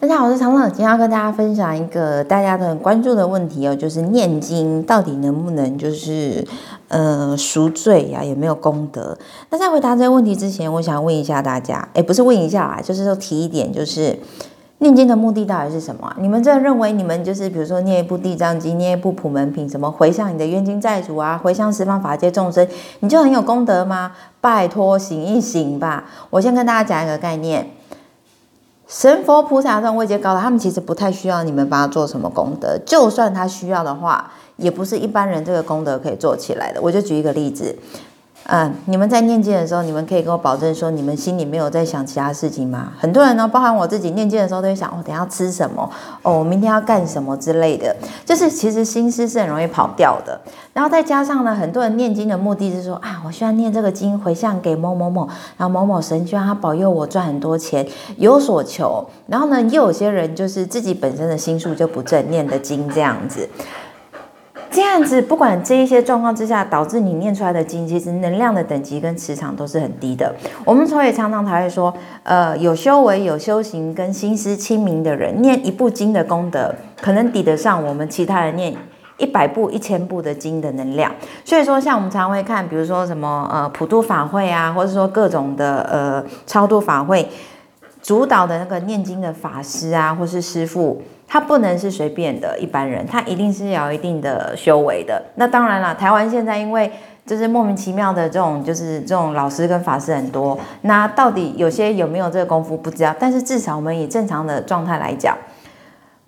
大家好，我是常樂，今天要跟大家分享一個大家都很關注的問題哦，就是念經到底能不能就是呃贖罪呀、啊，有沒有功德？那在回答這個問題之前，我想問一下大家，誒不是問一下啊，就是說提一點，就是念經的目的到底是什麼、啊？你們真的認為你們就是比如說念一部地藏經，念一部普門品，什麼回向你的冤親債主啊，回向十方法界眾生，你就很有功德嗎？拜託醒一醒吧。我先跟大家講一個概念。神佛菩薩這種位階高的，他們其實不太需要你們幫他做什麼功德。就算他需要的話，也不是一般人這個功德可以做起來的。我就舉一個例子。嗯，你們在念經的時候，你們可以跟我保證說，你們心裡沒有在想其他事情嗎？很多人呢，包含我自己，念經的時候都會想，我、哦、等下吃什麼？哦，我明天要幹什麼之類的。就是其實心思是很容易跑掉的。然後再加上呢，很多人念經的目的是說，啊，我需要念這個經回向給某某某，然後某某神需要他保佑我賺很多錢，有所求。然後呢，又有些人就是自己本身的心術就不正， 念的經這樣子。這樣子，不管這一些狀況之下，導致你念出來的經，其實能量的等級跟磁場都是很低的。我們所以常常才會說，呃，有修為、有修行跟心思清明的人，念一部經的功德，可能抵得上我們其他人念一百部、一千部的經的能量。所以說，像我們常常會看，比如說什麼呃普度法會啊，或者說各種的呃超度法會。主導的那個念經的法師啊，或是師父，他不能是隨便的一般人，他一定是要有一定的修為的。那當然了，台灣現在因為就是莫名其妙的這種，就是這種老師跟法師很多，那到底有些有沒有這個功夫不知道。但是至少我們以正常的狀態來講，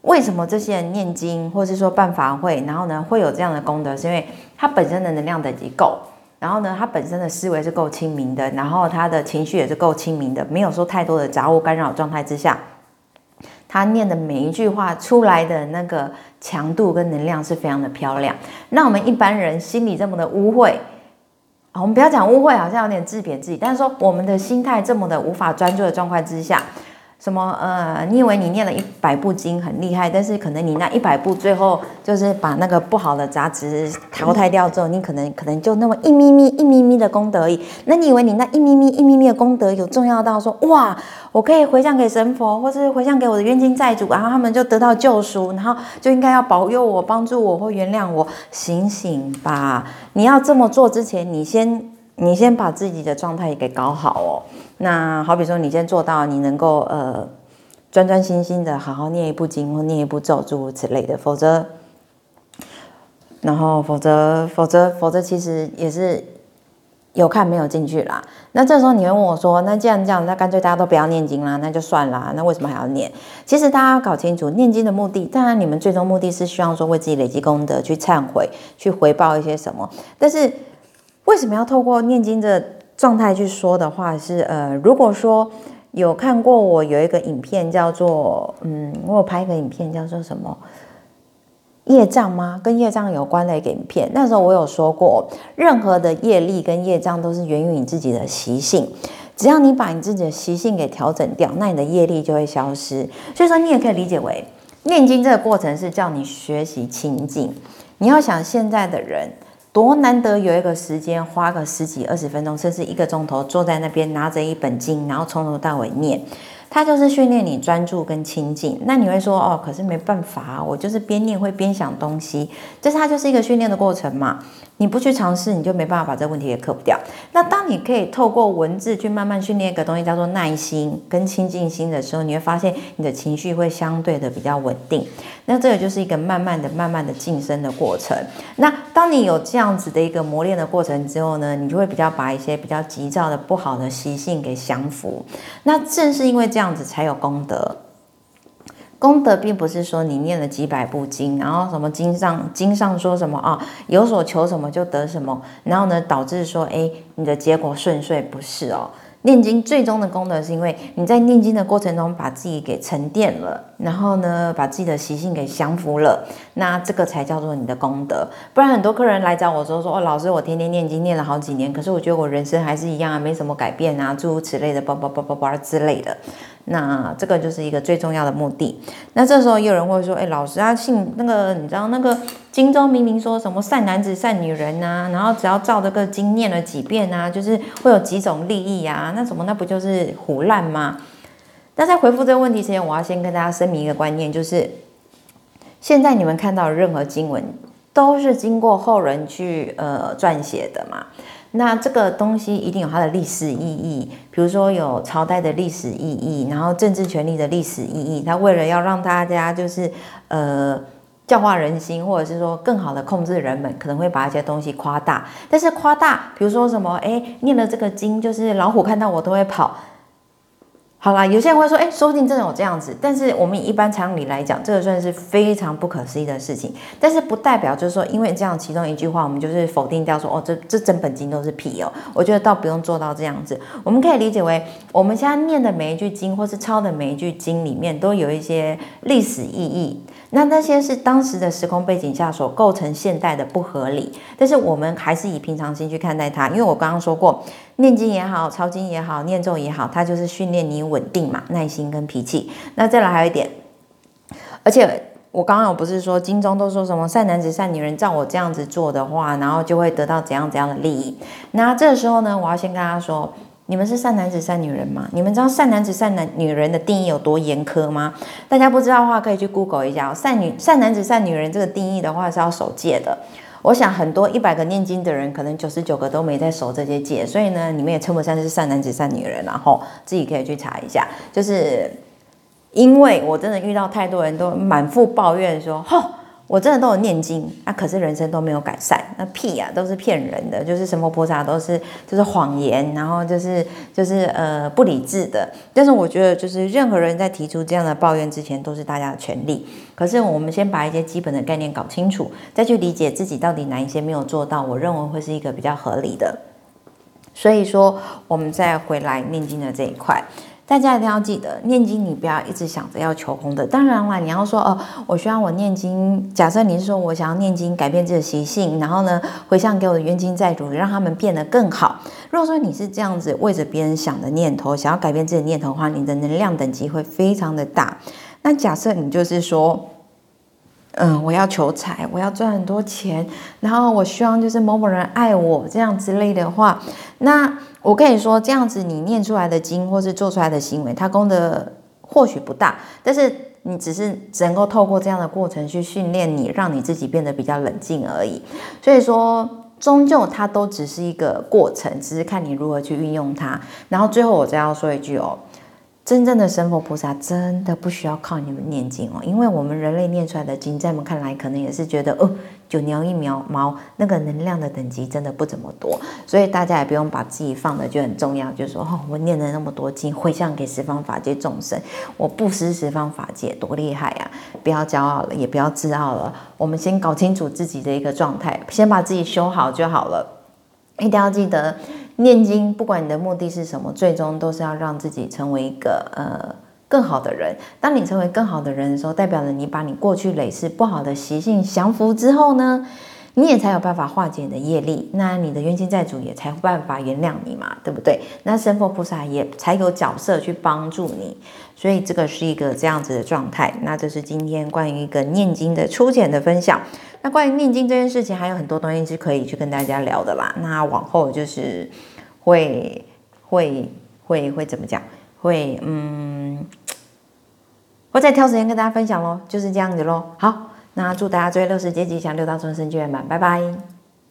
為什麼這些人念經，或是說辦法會，然後呢會有這樣的功德，是因為他本身的能量等級夠。然後呢，他本身的思維是夠清明的，然後他的情緒也是夠清明的，沒有說太多的雜物干擾狀態之下，他念的每一句話出來的那個強度跟能量是非常的漂亮。那我們一般人心裡這麼的污穢，啊，我們不要講污穢，好像有點自貶自己，但是說我們的心態這麼的無法專注的狀態之下。什麼呃？你以為你念了一百部經很厲害，但是可能你那一百部最後就是把那個不好的雜質淘汰掉之後，你可能可能就那麼一咪咪一咪咪的功德而已。那你以為你那一咪咪一咪咪的功德有重要到說哇，我可以回向給神佛，或是回向給我的冤親債主，然後他們就得到救贖，然後就應該要保佑我、幫助我或原諒我？醒醒吧！你要這麼做之前，你先。你先把自己的狀態給搞好哦。那好比說，你先做到你能夠呃，專專心心的好好念一部經或念一部咒，諸如此類的。否則，然後否則否則否則，否則其實也是有看沒有進去啦。那這時候你會問我說：“那既然這樣，那乾脆大家都不要念經啦，那就算啦，那為什麼還要念？其實大家要搞清楚念經的目的。當然，你們最終目的是希望說為自己累積功德、去懺悔、去回報一些什麼，但是。為什麼要透過念經的狀態去說的話是呃，如果說有看過我有一個影片，叫做嗯，我有拍一個影片叫做什麼業障嗎？跟業障有關的一個影片。那時候我有說過，任何的業力跟業障都是源於你自己的習性，只要你把你自己的習性給調整掉，那你的業力就會消失。所以說，你也可以理解為念經這個過程是叫你學習情境，你要想現在的人。多難得有一個時間，花個十幾、二十分鐘，甚至一個鐘頭，坐在那邊拿着一本經，然後從頭到尾念。它就是訓練你專注跟清淨。那你會說哦，可是沒辦法啊，我就是邊念會邊想東西。這是它就是一個訓練的過程嘛。你不去嘗試，你就沒辦法把這個問題給克服掉。那當你可以透過文字去慢慢訓練一個東西，叫做耐心跟清淨心的時候，你會發現你的情緒會相對的比較穩定。那這個就是一個慢慢的、慢慢的晉升的過程。那當你有這樣子的一個磨練的過程之後呢，你就會比較把一些比較急躁的不好的習性給降服。那正是因為這樣。這樣子才有功德。功德並不是說你念了幾百部經，然後什麼經上經上說什麼啊、哦，有所求什麼就得什麼，然後呢導致說誒、欸，你的結果順遂。不是哦。念經最終的功德是因為你在念經的過程中把自己給沉澱了。然後呢，把自己的習性給降服了，那這個才叫做你的功德。不然很多客人來找我說說，哦，老師，我天天念經念了好幾年，可是我覺得我人生還是一樣，沒什麼改變啊，諸如此類的，叭叭叭叭叭之類的。那這個就是一個最重要的目的。那這個、時候也有人會說，哎，老師，啊，信那個，你知道那個經中明明說什麼善男子、善女人啊，然後只要照這個經念了幾遍啊，就是會有幾種利益呀、啊，那怎麼那不就是唬爛嗎？那在回復這個問題之前，我要先跟大家聲明一個觀念，就是現在你們看到的任何經文，都是經過後人去呃撰寫的嘛。那這個東西一定有它的歷史意義，比如說有朝代的歷史意義，然後政治權力的歷史意義。他為了要讓大家就是呃教化人心，或者是說更好的控制的人們，可能會把一些東西誇大。但是誇大，比如說什麼，誒，念了這個經，就是老虎看到我都會跑。好啦，有些人會說，誒、欸，說不定真的有這樣子。但是我們以一般常理來講，這個算是非常不可思議的事情。但是不代表就是說，因為這樣其中一句話，我們就是否定掉說，哦，這這整本經都是屁哦。我覺得倒不用做到這樣子。我們可以理解為，我們現在唸的每一句經，或是抄的每一句經裡面，都有一些歷史意義。那那些是當時的時空背景下所構成現代的不合理。但是我們還是以平常心去看待它，因為我剛剛說過。念經也好，抄經也好，念咒也好，它就是訓練你穩定嘛、耐心跟脾氣。那再來還有一點，而且我剛剛我不是說經中都說什麼善男子、善女人，照我這樣子做的話，然後就會得到怎樣怎樣的利益。那這個時候呢，我要先跟大家說，你們是善男子、善女人嗎？你們知道善男子、善男女人的定義有多嚴苛嗎？大家不知道的話，可以去 Google 一下哦。善女、善男子、善女人這個定義的話，是要守戒的。我想很多一百個念經的人，可能九十九個都沒在守這些戒，所以呢，你們也稱不上是善男子、善女人，啊，然後自己可以去查一下。就是因為我真的遇到太多人都滿腹抱怨，說：“吼。”我真的都有念經，啊，可是人生都沒有改善，那屁呀，啊，都是騙人的，就是什麼菩薩都是就是謊言，然後就是就是呃不理智的。但是我覺得就是任何人在提出這樣的抱怨之前，都是大家的權利。可是我們先把一些基本的概念搞清楚，再去理解自己到底哪一些沒有做到，我認為會是一個比較合理的。所以說，我們再回來念經的這一塊。大家一定要記得，念經你不要一直想着要求功德。當然啦，你要說哦，我需要我念經。假設你是說我想要念經改變自己的習性，然後呢，回向給我的冤親債主，讓他們變得更好。如果說你是這樣子為着別人想的念頭，想要改變自己的念頭的話，你的能量等級會非常的大。那假設你就是說。嗯，我要求財，我要賺很多錢，然後我希望就是某某人愛我這樣之類的話，那我可以說這樣子你念出來的經或是做出來的行為，它功德或許不大，但是你只是只能夠透過這樣的過程去訓練你，讓你自己變得比較冷靜而已。所以說，終究它都只是一個過程，只是看你如何去運用它。然後最後我再要說一句哦。真正的神佛菩薩真的不需要靠你們念經哦，因為我們人類念出來的經，在我們看來可能也是覺得哦，九牛一毛毛那個能量的等級真的不怎麼多，所以大家也不用把自己放的就很重要，就是、說哦，我念了那麼多經，回向給十方法界眾生，我布施十方法界多厲害呀、啊！不要驕傲了，也不要自傲了，我們先搞清楚自己的一個狀態，先把自己修好就好了，一定要記得。念經，不管你的目的是什麼，最終都是要讓自己成為一個呃更好的人。當你成為更好的人的時候，代表着你把你過去累世不好的習性降服之後呢，你也才有辦法化解你的業力，那你的冤親債主也才有辦法原諒你嘛，對不對？那神佛菩薩也才有角色去幫助你，所以這個是一個這樣子的狀態。那這是今天關於一個念經的粗淺的分享。那關於念經這件事情，還有很多東西是可以去跟大家聊的啦。那往後就是會會會會怎麼講？會嗯，我再挑時間跟大家分享嘍。就是這樣子嘍。好。那祝大家追《樂十階級向六道眾生》就圓滿，拜拜。